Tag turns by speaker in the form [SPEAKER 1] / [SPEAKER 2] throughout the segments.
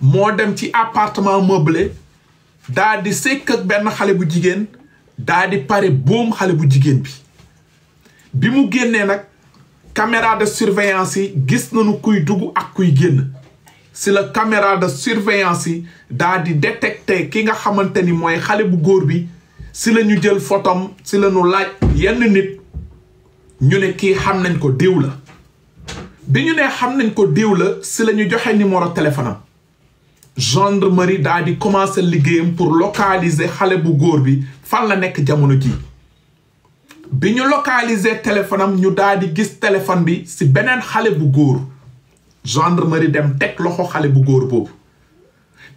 [SPEAKER 1] moo dem ci apartement meublé daa di sëkk ak benn xale bu jigéen daa di pare boom xale bu jigéen bi bi mu génnee nag caméra de yi gis nañu kuy dugg ak kuy génn si la caméra de yi daa di détecté ki nga xamante ni mooy xale bu góor bi si lañu jël photom si lañu laaj yenn nit ñu ne kii xam nañ ko diw la bi ñu ne xam nañ ko diw la si la joxe numéro téléphone gendarmerie daa di commencer liggéeyam pour localiser xale bu góor bi fan la nekk jamono ji bi ñu localiser téléphone ñu daa di gis téléphone bi si beneen xale bu góor gendarmerie dem teg loxo xale bu góor boobu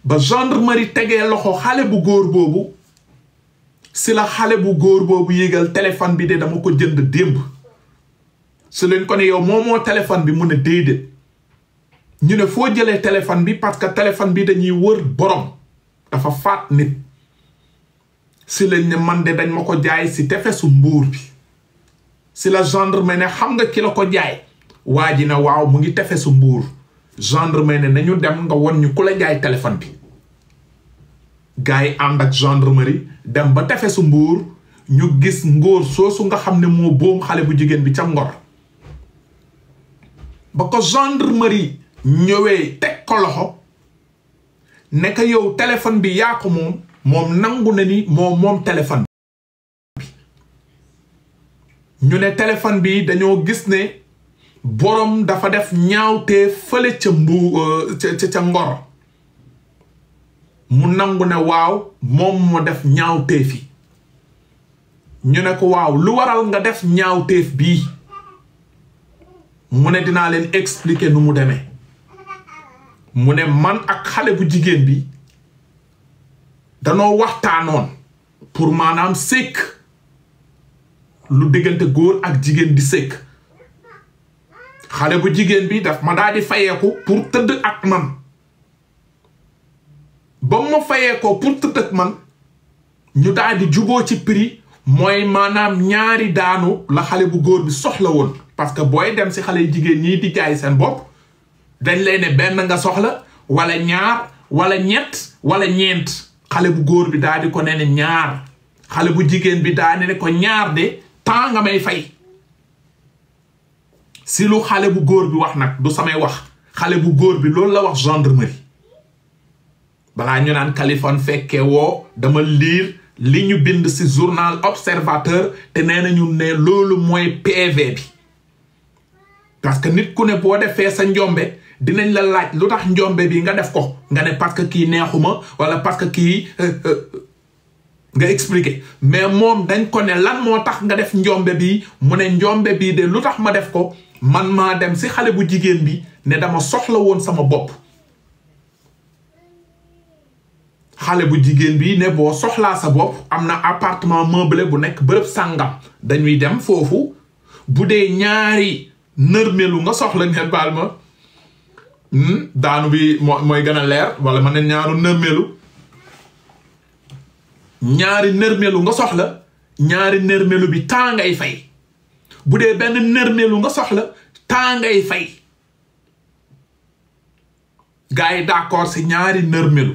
[SPEAKER 1] ba gendarmerie tegee loxo xale bu góor boobu si la xale bu góor boobu yégal téléphone bi de dama ko jënd démb si leen ko ne yow moomoo moo bi mu ne déedéet ñu ne foo jëlee téléphone bi parce que téléphone bi dañuy wër borom dafa faat nit si la ne man de dañ ma ko jaay si tefesu mbuur bi si la gendarme ne xam nga ki la ko jaay waa ji ne waaw mu ngi tefesu mbuur gendarme ne nañu dem nga won ñu ku la jaay téléphone bi gars yi ànd ak gendarmerie dem ba tefesu mbuur ñu gis ngóor soosu nga xam ne moo boom xale bu jigéen bi ca ngor ba ko gendarmerie ñëwee teg ko loxo ne ko yow téléphone bi yaa ko moom moom nangu na ni moom moom téléphone bi ñu ne téléphone bi dañoo gis ne boroom dafa def ñaawtee fële ca mbu euh, ca ngor mu nangu ne waaw moom moo def ñaawtee fi ñu ne ko waaw lu waral nga def ñaawteef bii mu ne dinaa leen expliquer nu mu demee mu ne man ak xale bu jigéen bi danoo waxtaanoon pour maanaam sëkk lu diggante góor ak jigéen di sëkk xale bu jigéen bi daf ma daal di fayeeku pour tëdd ak man ba mu ma fayeekoo pour tëdd ak man ñu daal di juboo ci prix mooy maanaam ñaari daanu la xale bu góor bi soxla woon parce que booy dem si xale yu jigéen ñii di jaay seen bopp dañ lay ne benn nga soxla walla ñaar wala ñett wala ñeent xale bu góor bi daal di ko ne ne ñaar xale bu jigéen bi daal di ne ko ñaar de temps nga may fay si lu xale bu góor bi wax nag du samay wax xale bu góor bi loolu la wax gendarmerie balaa ñu naan Kaliphone fekkee woo dama liir li ñu bind si journal observateur te nee nañu ne loolu mooy PV bi parce que nit ku ne boo defee sa njombe dinañ la laaj lu tax njombe bi nga def ko nga ne parce que kii neexuma wala parce que kii euh, euh, nga expliquer mais moom dañ ko ne lan moo tax nga def njombe bi mu ne njombe bii de lu tax ma def ko man maa dem si xale bu jigéen bi ne dama soxla woon sama bopp xale bu jigéen bi ne boo soxlaa sa bopp am na appartement meublé bu nekk bërëb sàngam dañuy dem foofu bu dee ñaari nërmelu nga soxla ne baal ma Hmm? daanu bi moo mooy gën a leer wala ma ne ñaaru nërmeelu ñaari nërmeelu nga soxla ñaari nërmeelu bi tàngay fay bu dee benn nërmeelu nga soxla temps ngay fay gars yi d'accord si ñaari nërmeelu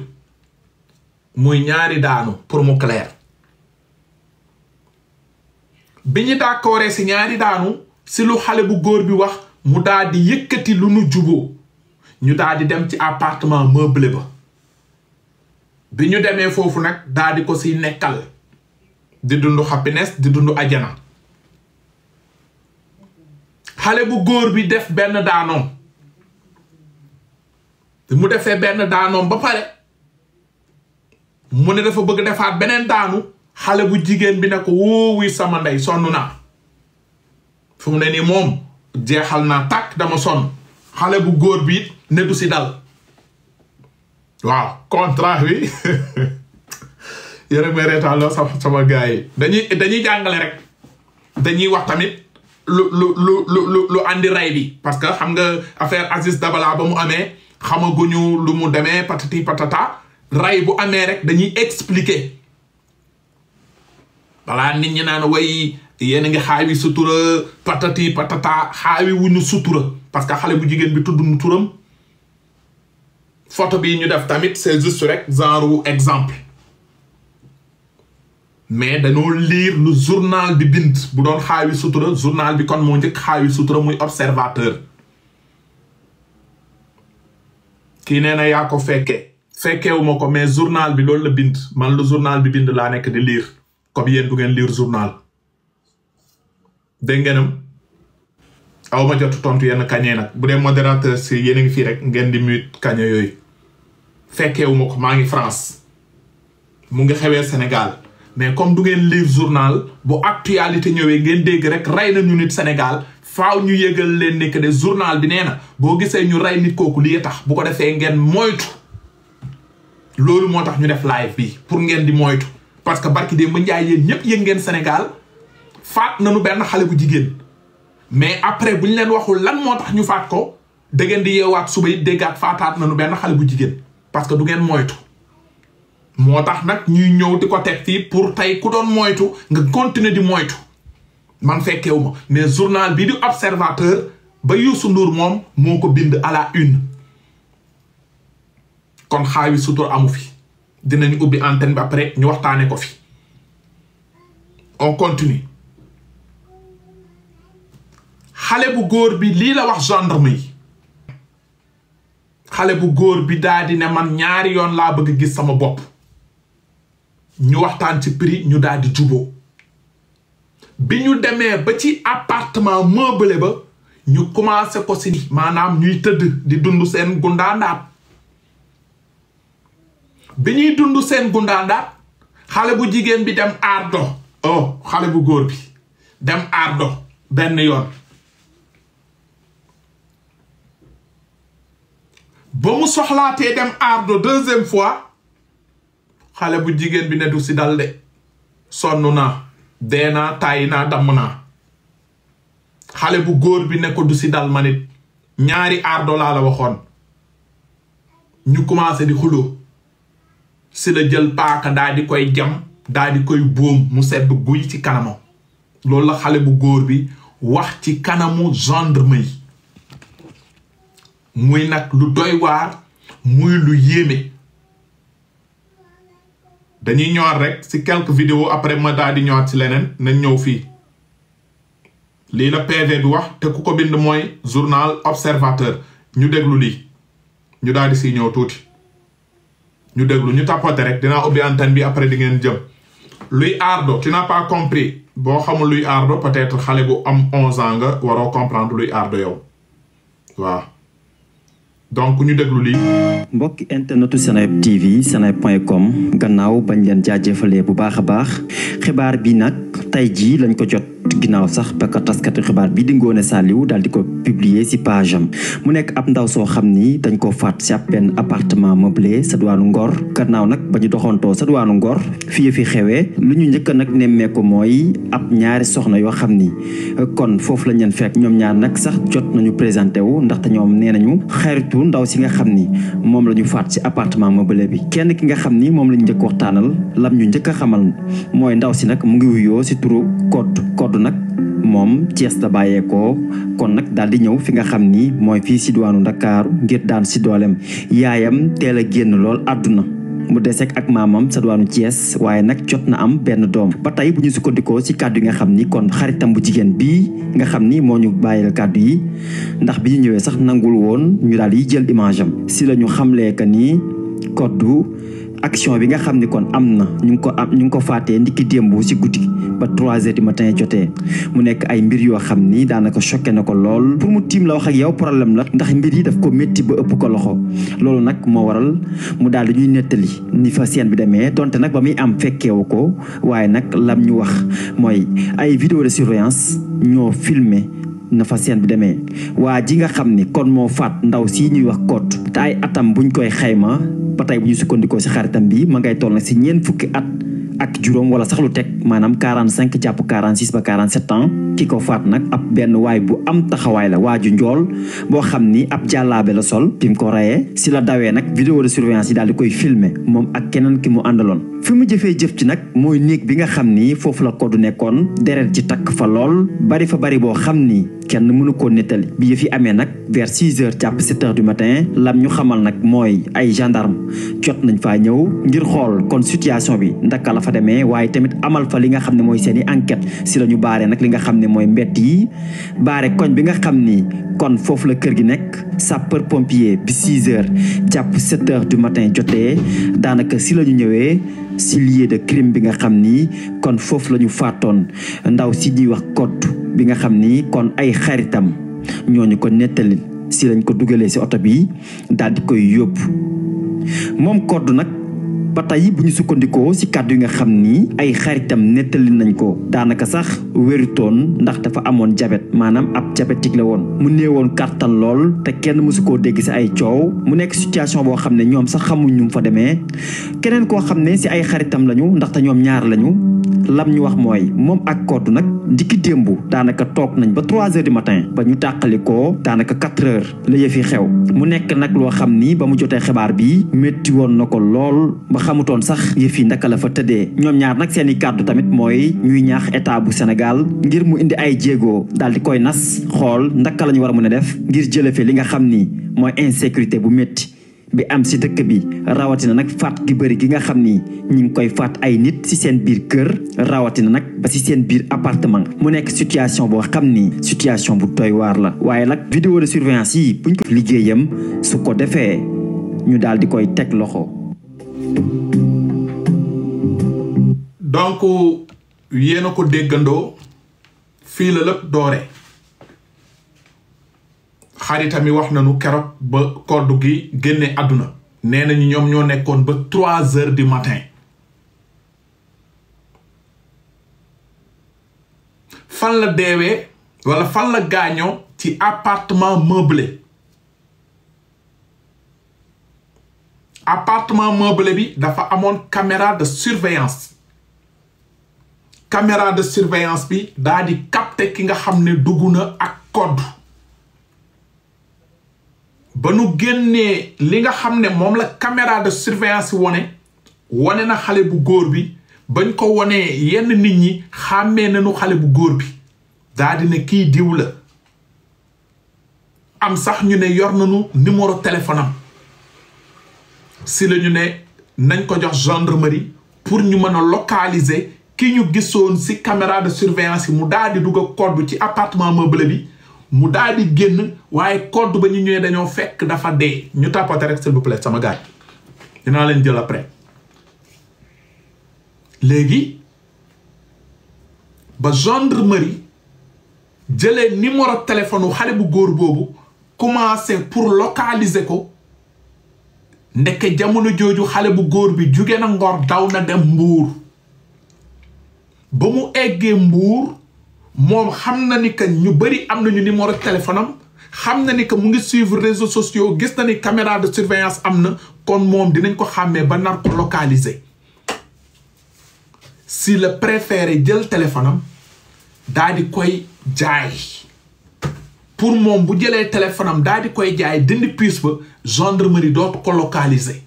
[SPEAKER 1] muy ñaari daanu pour mu clair bi ñu d'accordee si ñaari daanu si lu xale bu góor bi wax mu daal di yëkkati lu nu juboo ñu daal di dem ci appartement meublé ba bi ñu demee foofu nag daal di ko si nekkal di dund happiness di dundu ajana xale bu góor bi def benn daanoom mu defee benn daanoom ba pare mu ne dafa bëgg defaat beneen daanu xale bu jigéen bi ne ko wóowi sama ndey sonn naa fu mu ne nii moom jeexal naa tàkk dama sonn xale bu góor bi it du si dal waaw contrat bi yéen ya, rek may reetaan loo sama sama gars yi dañuy dañuy jàngale rek dañuy wax tamit lu lu lu lu lu andi ray bi parce que xam nga affaire Aziz Dabala ba mu amee xamaguñu lu mu demee patati patata ray bu amee rek dañuy expliquer balaa nit ñi naan way yéen a ngi sutura patati patata xaawi wuñu sutura parce que xale bu jigéen bi tudd nu turam photo bi ñu def tamit c'est juste rek genre exemple mais dañoo lire le journal bi bind bu doon xaawi sutura journal bi kon moo njëkk xaawi sutura muy observateur kii nee na yaa ko ko mais journal bi loolu la bind man le journal bi bind laa nekk di liir comme yéen du ngeen lire journal dégg aw ma jot tontu yenn kañe nag bu dee modérateur si yéen a ngi fii rek ngeen di mute kañe yooyu fekkeewuma ko maa ngi France mu ngi xewee Sénégal mais comme du ngeen lire journal bu actualité ñëwee ngeen dégg rek rey na ñu nit Sénégal faaw ñu yëgal leen ne que de bi nee na boo gisee ñu rey nit kooku lii tax bu ko defee ngeen moytu loolu moo tax ñu def live bi pour ngeen di moytu parce que barki dee ma yéen ñëpp yëg ngeen Sénégal faat nañu benn xale bu jigéen mais après bu ñu leen waxul lan moo tax ñu faat ko da ngeen di yeewaat suba it déggaat faataat nañu benn xale bu jigéen parce que du ngeen moytu. moo tax nag ñuy ñëw di ko teg fii pour tey ku doon moytu nga continuer di moytu man fekkewu ma mais journal bi di observateur ba Youssou Ndour moom moo ko bind à la une kon xaawi sutur amu fi dinañ ubbi antenne bi après ñu waxtaane ko fii on continue xale bu góor bi lii la wax gendarme yi xale bu góor bi daa di ne man ñaari yoon laa bëgg gis sama bopp ñu waxtaan ci prix ñu daal di bi ñu demee ba ci appartement meublé ba ñu commencé ko si ni maanaam ñuy tëdd di dund seen gundaandaat bi ñuy dund seen gundaandaat xale bu jigéen bi dem aar do oh xale bu góor bi dem aar benn yoon ba mu soxlaatee dem ardo deuxième fois xale bu jigéen bi ne du si dal de sonn naa dee naa tàyyi naa damm naa xale bu góor bi ne ko du si dal ma nit ñaari ardo laa la waxoon ñu commencé di xuloo si la jël paaka daa di koy jam daa di koy bóom mu sedd guy ci kanamam loolu la xale bu góor bi wax ci kanamu gendarme yi muy nak lu doy war muy lu yeme dañuy rek quelques vidéos après ma daal di ci lenen na fi PV te kuko bind journal observateur ñu déglu li ñu daal di siy nous touti ñu déglu ñu tapote rek dina après luy ardo tu n'as pas compris bon, xamul luy ardo peut-être xalé bu am 11 ans nga comprendre luy ardo yow
[SPEAKER 2] donc ñu déglu lii. mbokk internetu Seneweb TV seneweb.com gannaaw bañ leen jaajëfalee bu baax a baax xibaar bi nag tey jii lañ ko jot. ginaaw sax ba ko taskati xibaar bi di ngone saliw dal di ko publier ci page am mu nek ab ndaw so xamni dañ ko fat ci ab appartement meublé sa duwaanu Ngor gannaaw nak bañu doxonto sa duwaanu Ngor fi fi xewé lu ñu nak némé ko moy ab ñaari soxna yo xamni kon fofu lañ ñen fek ñom ñaar nak sax jot nañu présenté wu ndax ta ñom nenañu xéritu ndaw si nga xamni mom lañu fat ci appartement meublé bi kenn ki nga xamni mom lañu la waxtanal lam ñu njëkk xamal moy ndaw si nak mu ngi wuyoo ci turu code code nak mom moom Thiès la kon nak dal di ñew fi nga xamni moy fi fii si diwaanu ngir daan si dolem yaayam teela genn lol aduna mu desek ak mamam sa am ben dom ba tay bu ñu si kàddu yi nga xamni kon xaritam bu jigen bi nga xamni ni moo ñu yi ndax bi ñu ñëwee sax nangul won ñu dal di jël image am si lañu xamlé ka ni koddu action bi nga xam ni kon am na ñu ngi ko am ñu ngi ko faté ndiki démb si guddi ba trois h du matin jotee mu nekk ay mbir yoo xam ni daanaka choqué nako ko lool pour mu tim la wax ak yow problème la ndax mbir yi daf ko métti ba ëpp ko loxo loolu nag moo waral mu daal di ñuy nettali ni fa seen bi demee donte nag ba muy am féké ko waaye nag lam ñu wax mooy ay vidéo de surveillance ñoo filmé na fa seen bi demee ji nga xamni kon mo fat ndaw si ñuy wax kot tay atam buñ koy xeyma patay buñu sukkandi ko Mangai xaritam bi ma ngay toll ci si fukki at ak juróom wala sax lu tek manam 45 japp 46 ba 47 ans kiko fat nak ab ben way bu am taxaway la waju njool bo xamni ab jallabe la sol tim ko reyee si la dawee nag vidéo de surveillance yi di koy filmer mom ak kenen ki mu andalon fi mu jëfee jëf ci nag mooy néeg bi nga xam ni foofu la nekkoon deret ci takk fa lool bari fa bari boo xam ni kenn mënu ko nettali bi yëf yi amee nag vers 6 heures jàpp 7 heures du matin lam ñu xamal nag mooy ay gendarme jot nañ faa ñëw ngir xool kon situation bi ndaka la fa demee waaye tamit amal fa li nga xam ne mooy seen i enquête si la ñu baare nag li nga xam ne mooy mbedd yi baare koñ bi nga xam kon foofu la kër gi nekk sapeur pompier bi 6 heures jàpp 7 heures du matin jotee daanaka si la ñu si lieu de crime bi nga xam ni kon foofu la ñu faatoon ndaw si di wax kodd bi nga xam ni kon ay xaritam ñooñu ko nettali si lañ ko dugalee si oto bi daal di koy yóbbu moom kott nag. ba tey bu ñu sukkandikoo si kàddu yi nga xam ni ay xaritam nettali nañ ko daanaka sax wérutoon ndax dafa amoon jabet maanaam ab diabétique la woon mu nee woon kàttan lool te kenn mësu koo dégg si ay coow mu nekk situation boo xam ne ñoom sax xamuñ ñu fa demee keneen koo xam ne si ay xaritam lañu ndaxte ñoom ñaar lañu lam ñu wax mooy moom ak Codou nag dikki démb daanaka toog nañ ba trois heures du matin ba ñu tàqali ko daanaka quatre heures la yëfi xew mu nekk nag loo xam ni ba mu jotee xibaar bi métti woon na ko lool ba xamutoon sax yëfi ndaka la fa tëddee ñoom ñaar nag seeni kàddu tamit mooy ñuy ñaax état bu Sénégal ngir mu indi ay jéego daal di koy nas xool ndaka la ñu war a mën a def ngir jëlee fi li nga xam ni mooy insécurité bu métti bi am si dëkk bi rawatina nag faat gi bëri gi nga xam ni ñi ngi koy faat ay nit si seen biir kër rawatina nag ba si seen biir appartement mu nekk situation boo xam ni situation bu doy waar la waaye nag vidéo de surveillance yi buñ ko liggéeyam su ko defee ñu daal di koy teg loxo.
[SPEAKER 1] donc yéen a ko déggandoo fii la lépp doore. xaritami wax nañu keroog ba koddu gi génne àdduna nee nañu ñoom ñoo nekkoon ba trois heures du matin fan la deewee wala fan la gaañoo ci appartement meublé appartement meublé bi dafa amoon caméra de surveillance caméra de surveillance bi daa di capter ki nga xam ne dugg na ak code ba nu génnee li nga xam ne moom la caméra de surveillance wone wone na xale bu góor bi bañ ko wonee yenn nit ñi xàmmee nañu xale bu góor bi daa ne kii diw la am sax ñu ne yor nañu numéro téléphone si lañu ne nañ ko jox gendarmerie pour ñu mën a localiser ki ñu gisoon si caméra de surveillance yi mu daal di dugg code ci appartement meublé bi mu daal di génn waaye compte ba ñu ñëwee dañoo fekk dafa de ñu tàppate rek s'il vous plaît sama gars dinaa leen jël après léegi ba gendarmerie jëlee numéro téléphone xale bu góor boobu commencé pour localiser ko ndekk jamono jooju xale bu góor bi jóge na Ngor daw na dem Mbuur ba mu eggee Mbuur moom xam na ni que ñu bëri am nañu numéro téléphone am xam na ni que mu ngi suivre réseaux sociaux gis na ni caméra de surveillance am na kon moom dinañ ko xàmmee ba nar ko localiser si le préféré jël téléphone am daal di koy jaay pour moom bu jëlee téléphone am daal di koy jaay dindi puce ba gendarmerie dootu ko localiser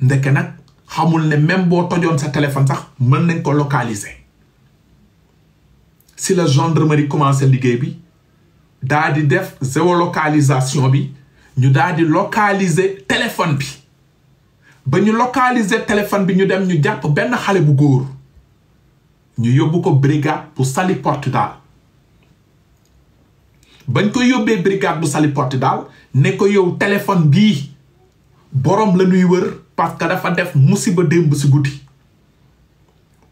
[SPEAKER 1] ndeke nag xamul ne même boo tojoon sa téléphone sax mën nañ ko localiser si la gendarmerie commencé liggéey bi daa di def géolocalisation bi ñu daa di localiser téléphone bi ba ñu localiser téléphone bi ñu dem ñu jàpp benn xale bu góor ñu yóbbu ko brigade bu Saly Portudal bañ ko yóbbee brigade bu Saly Portudal ne ko yow téléphone bii boroom la ñuy wër parce que dafa def musiba démb si guddi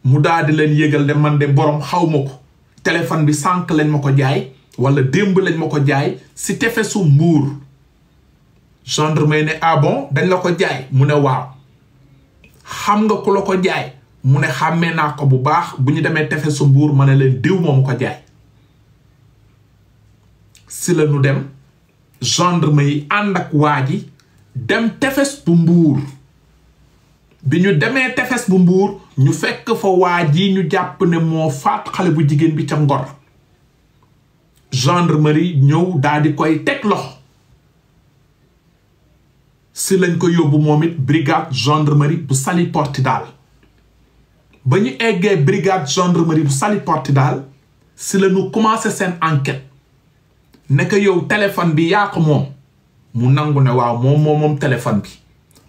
[SPEAKER 1] mu daal di leen yëgal ne man de borom xaw ma ko téléphone bi sànq lañ ma ko jaay wala démb lañ ma ko jaay si tefesu mbuur gendarme ne ah dañ la ko jaay mu ne waaw xam nga ku la ko jaay mu ne xàmmee naa ko bu baax bu ñu demee tefesu mbuur ma ne leen diw moom ko jaay si la ñu dem gendarme yi ànd ak waa ji dem tefes bu mbuur bi ñu demee tefes bu mbuur ñu fekk fa waa ji ñu jàpp ne moo faat xale bu jigéen bi ca ngor gendarmerie ñëw daal di koy teg loxo si lañ ko yóbbu moom it brigade gendarmerie bu Saly daal ba ñu eggee brigade gendarmerie bu Saly Portudal si la ñu commencé seen enquête naka yow téléphone bi yaa ko moom mu nangu ne waaw moom moom moom bi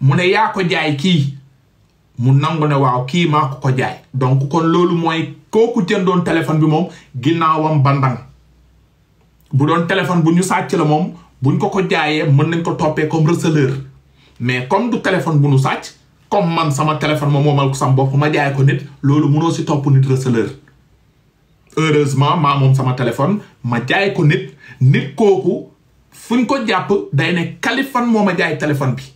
[SPEAKER 1] mu ne yaa ko jaay kii mu nangu ne waaw kii maa ko ko jaay donc kon loolu mooy kooku jëndoon téléphone bi moom ginnaawam bandang bu doon téléphone bu ñu sàcc la moom buñ ko ko jaayee mën nañ ko toppee comme receleur mais comme du téléphone bu nu sàcc comme man sama téléphone ma moomal ko sam bopp ma jaay ko loolu mënoo si topp nit receleur heureusement maa moom sama téléphone ma jaay ko nit nit kooku fuñ ko jàpp day ne Kaliphone moom ma jaay téléphone bi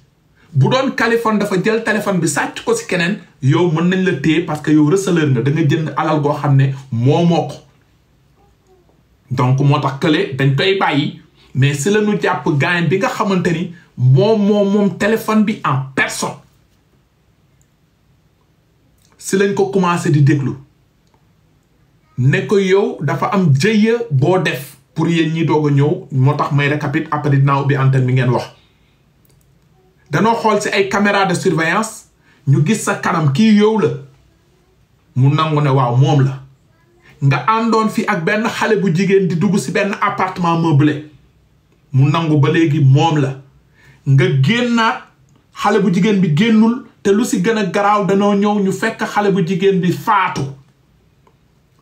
[SPEAKER 1] bu doon dafa jël téléphone bi sacc ko ci kenen yow mën nañ la téye parce que yow receleur nga da nga jënd alal go xamné ne moo donc motax tax dañ koy bayyi mais si la ñu jàpp bi nga xamanteni ni moom mom téléphone bi en personne si lañ ko commencé di déglu ne ko yow dafa am jëya bo def pour yeen ñi doog ñew motax may récapit après dinaa ubbi antenne bi ngeen wax danoo xool si ay caméra de surveillance ñu gis sa kanam kii yow la mu nangu ne waaw moom la nga àndoon fi ak benn xale bu jigéen di dugg si benn appartement meublé mu nangu ba léegi moom la nga génnaat xale bu jigéen bi génnul te lu si gën a garaaw danoo ñëw ñu fekk xale bu jigéen bi faatu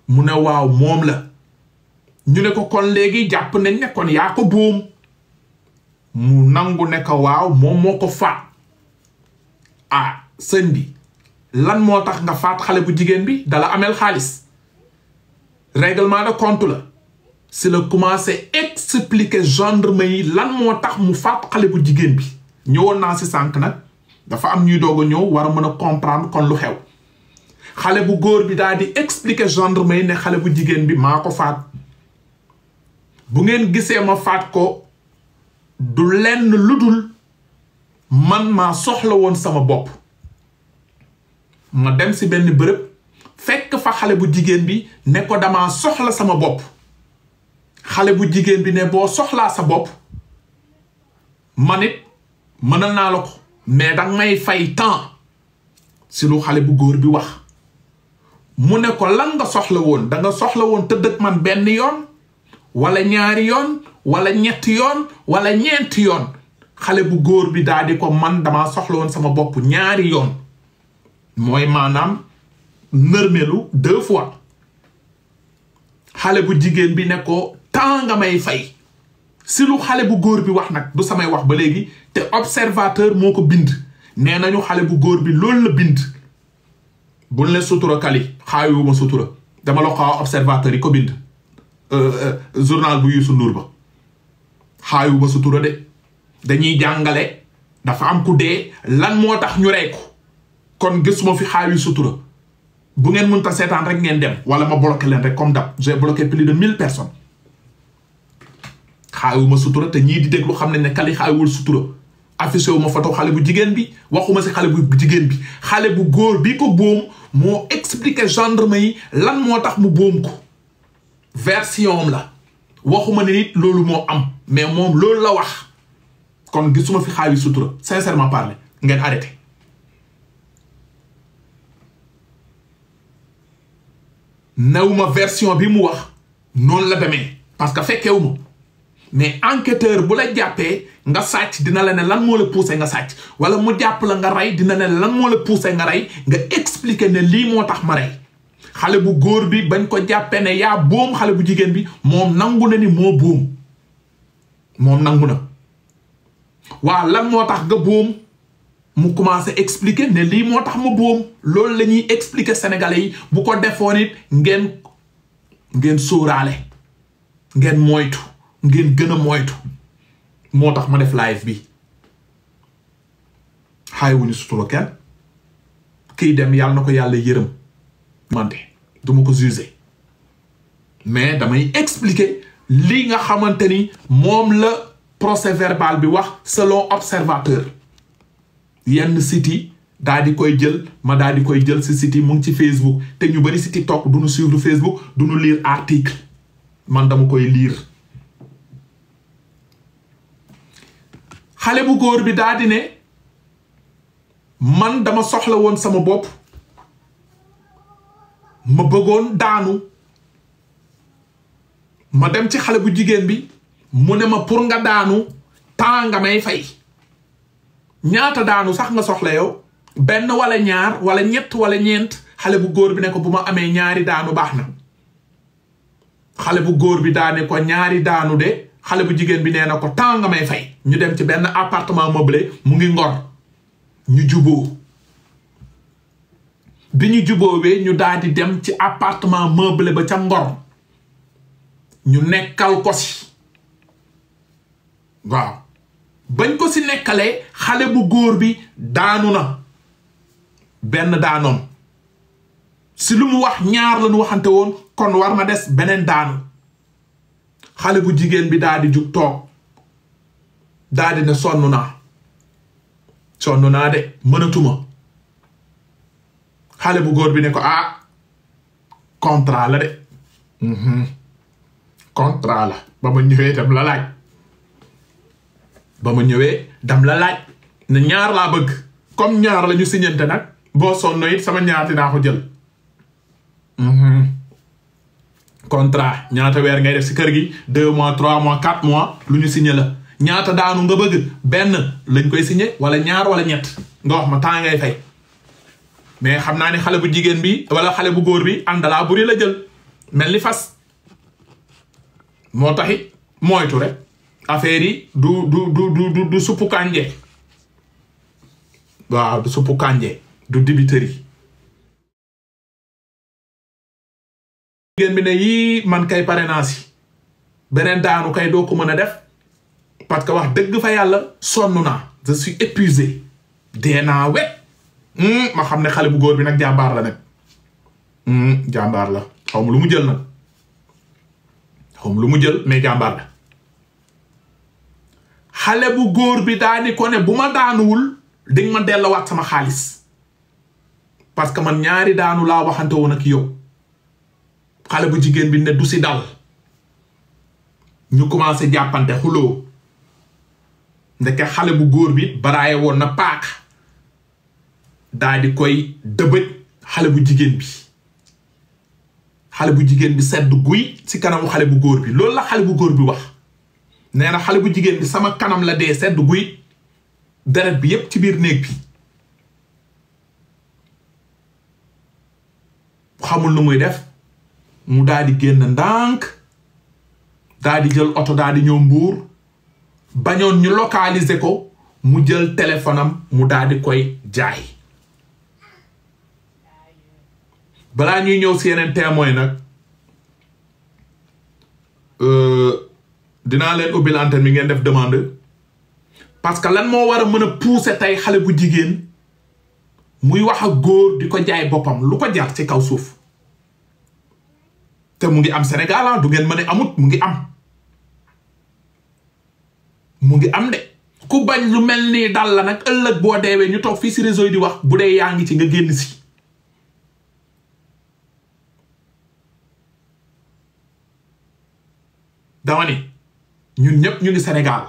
[SPEAKER 1] mu ne waaw moom la ñu ne ko kon léegi jàpp nañ ne kon yaa ko boom mu nangu ne ko waaw moom moo ko faat ah sëñ bi lan moo tax nga faat xale bu jigéen bi dala ameel xaalis règlement de compte la si la commencé expliquer gendarme yi lan moo tax mu faat xale bu jigéen bi ñëwoon naa si sànq nag dafa am ñuy doog ñëw war a mën a comprendre kon lu xew xale bu góor bi daal di expliquer gendarme yi ne xale bu jigéen bi maa ko faat bu ngeen gisee ma faat ko du lenn lu dul man maa soxla woon sama bopp ma dem si benn bërëb fekk fa xale bu jigéen bi ne ko damaa soxla sama bopp xale bu jigéen bi ne boo soxlaa sa bopp man it mënal naa la ko mais danga may fay temps si lu xale bu góor bi wax mu ne ko lan nga soxla woon da soxla woon tëdd ak man benn yoon walla ñaari yoon wala ñett yoon wala ñeenti yoon xale bu góor bi daal di ko man dama soxla woon sama bopp ñaari yoon mooy maanaam nërmelu deux xale bu jigéen bi ne ko temps nga fay si lu xale bu góor bi wax nag du samay wax ba léegi te observateur moo ko bind nee nañu xale bu góor bi loolu la bind buñ le sutura kali xaayuma sutura dama la observateur yi ko bind euh, euh, journal bu Youssou Ndour ba ba sutura de dañuy jàngale dafa am ku dee lan moo tax ñu ko kon gisuma fi xaayu sutura bu ngeen mënta seetaan rek ngeen dem wala ma bloqué leen rek comme dab j'ai bloqué plus de mille personnes ma sutura te ñii di déglu xam nañ ne kali xaayuwul sutura affiché wu ma photo xale bu jigéen bi waxuma si xale bu jigéen bi xale bu góor bi ko boom moo expliqué gendarme yi lan moo tax mu boom ko version la waxuma ne nit loolu moo am mais moom loolu la wax kon gisuma fi xaawi sutura sincèrement parlé ngeen arrêté nawuma version bi mu wax noonu la demee parce que fekkewu ma mais enquêteur bu la jàppee nga sàcc dina la ne lan moo la poussé nga sàcc wala mu jàpp la nga rey dina ne lan moo la poussé nga rey nga expliquer ne lii moo tax ma rey xale bu góor bi bañ ko jàppee ne yaa boom xale bu jigéen bi moom nangu na ni moo buum moom nangu na waaw lan moo tax nga boom mu commencé expliquer ne lii moo tax ma boom loolu la ñuy expliquer sénégalais yi bu ko defoon it ngeen ngeen sóoraale ngeen moytu ngeen gën a moytu moo tax ma def live bi xaay wuñu sutura kenn kiy dem yàlla na ko yàlla yërëm mante du ko juger mais damay expliquer lii nga xamante ni moom la procès verbal bi wax selon observateur yenn siti daa di koy jël ma daa di koy jël si siti mu ngi ci Facebook te ñu bari si TikTok du ñu suivre Facebook du ñu lire article man dama koy liir xale bu góor bi daa di ne man dama soxla woon sama bopp ma bëggoon daanu. ma dem ci xale bu jigéen bi mu ne ma pour nga daanu temps nga may fay ñaata daanu sax nga soxla yow benn wala ñaar wala ñett wala ñeent xale bu góor bi ne ko bu ma amee ñaari daanu baax na xale bu góor bi daane ko ñaari daanu de xale bu jigéen bi nee na ko temps nga may fay ñu dem ci benn appartement meublé mu ngi ngor ñu juboo bi ñu juboowee ñu daal di dem ci apartement meublé ba ca ngor ñu nekkal ko si waaw bañ ko si nekkalee xale bu góor bi daanu na benn daanoon si lu mu wax ñaar la ñu waxante woon kon war ma des beneen daanu xale bu jigéen bi daal di toog daal di ne sonnu naa sonn naa de mënatuma xale bu góor bi ne ko ah contrat la de. Mm-hmm. contrat la ba ma ñëwee dam la laaj ba ma dam la laaj na ñaar la bëgg comme ñaar la ñu siñante nag sonno it sama ñaar dina ko jël contrat ñaata wër ngay def si kër gi 2 mois 3 mois 4 mois lu ñu signé la ñaata daanu nga bëgg ben lañ koy signé wala ñaar wala ñett nga wax ma ta ngay fay mais xamna ni xalé bu jigen bi wala xalé bu goor bi andala buri la jël melni fass moo taxit moytu rek affaire yi du du du du suppu kànje waaw du suppu kànje du dibiteri jigéen bi ne yii man kay parrainage yi beneen daanu kay doo ko mën a def parce que wax dëgg fa yàlla sonn naa je suis épuisé dee naa wet hmm, ma xam ne xale bu góor bi nag jàmbaar la nag hmm, jàmbaar la xaw ma lu mu jël nag xom lu mu jël mais jàmbaar la xale bu góor bi daani ko ne bu ma daanuwul dinga ma delluwaat sama xaalis parce que man ñaari daanu laa waxante woon ak yow xale bu jigéen bi ne du si dal ñu commencé jàppante xuloo ndeke xale bu góor bi baraaye woon na paak daa di koy dëbëj xale bu jigéen bi xale bu jigéen bi sedd guy ci kanamu xale bu góor bi loolu la xale bu góor bi wax nee na xale bu jigéen bi sama kanam la dee sedd guy deret bi yépp ci biir néeg bi xamul nu muy def mu daldi génn ndànk daal jël oto daal ñëw mbuur bañoon ñu localiser ko mu jël téléphone mu daldi koy jaay balaa ñuy ñëw si yeneen témoin nag euh, dinaa leen ubbil antenne bi ngeen def demande parce que lan moo war a mën a pousser tey xale bu jigéen muy wax ak góor di ko jaay boppam lu ko jar ci kaw suuf te mu ngi am Sénégal ah, du ngeen mën ne amut mu ngi am mu ngi am de ku bañ lu mel nii daal la nag ëllëg boo deewee ñu toog fii si réseau yi di wax bu dee yaa ngi ci nga génn si dama ni ñun ñep ñu ni Sénégal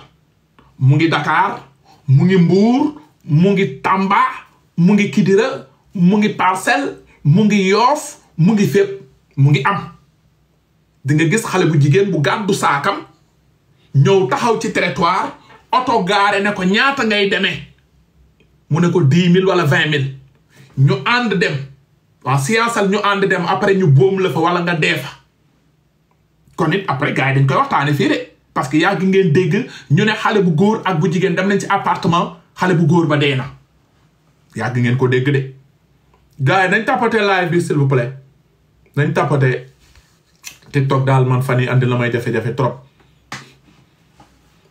[SPEAKER 1] mu ngi Dakar mu ngi Mbour mu ngi Tamba mu ngi Kidira mu ngi parcel mu ngi yof mu ngi fep mu ngi am di nga gis xale bu jigen bu gaddu saakam ñew taxaw ci territoire auto garé ne ko ñaata ngay démé mu ne ko 10000 wala 20.000. ñu and dem wa siyasal ñu and dem après ñu boom la fa wala nga kon it après gars yi dañ koy waxtaane fii de parce que yàgg ngeen dégg ñu ne xale bu góor ak bu jigéen dem nañ ci appartement xale bu góor ba dee na yaa gi ngeen ko dégg de gars yi nañ tappate live bi s'il vous plaît nañ tappate TikTok daal man fan yi andi la may jafe-jafe trop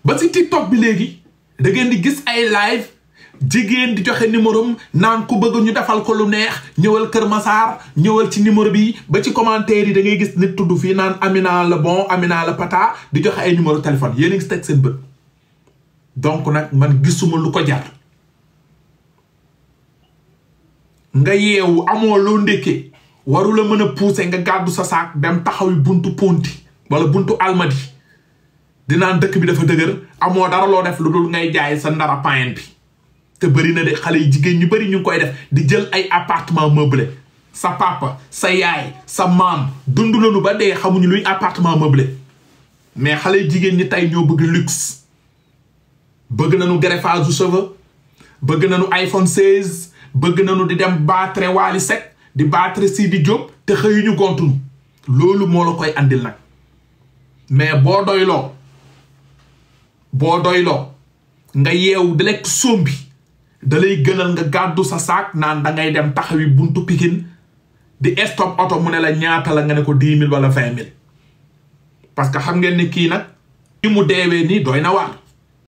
[SPEAKER 1] ba si TikTok bi léegi da ngeen di gis ay live jigéen di joxe numérom naan ku bëgg ñu defal ko lu neex ñëwal Kër Massar ñëwal ci numéro bi ba ci commentaire yi da ngay gis nit tudd fii naan Amina la bon Amina la pata di joxe ay numéro téléphone yéen a teg seen bët donc nag man gisuma lu ko jar nga yeewu amoo loo ndékkee waru mën a pousser nga gàddu sa saak dem taxaw buntu ponti wala buntu almadi dinaan dëkk bi dafa dëgër amoo dara loo def lu dul ngay jaay sa ndara payen bi te bëri na de xale yi jigéen ñu bëri ñu ngi koy def di jël ay appartement meublé sa papa sa yaay sa maam dund nu ba dee xamuñu luy appartement meublé mais xale yi jigéen ñi tey ñoo bëgg luxe bëgg nañu greffage u cheveux bëgg na nañu iPhone 16 bëgg nañu di dem baatre Wally Seck di baatre Sidi Diop te xëyuñu gontuñu loolu moo la koy indil nag mais boo doyloo boo doyloo nga yeewu di lekk sombi da lay gënal nga gàddu sa saak naan da ngay dem taxawi buntu pikin di stop oto mu ne la ñaata la nga ne ko dix mille wala vingt mille parce que xam ngeen ni kii nag ni mu deewee nii doy na waar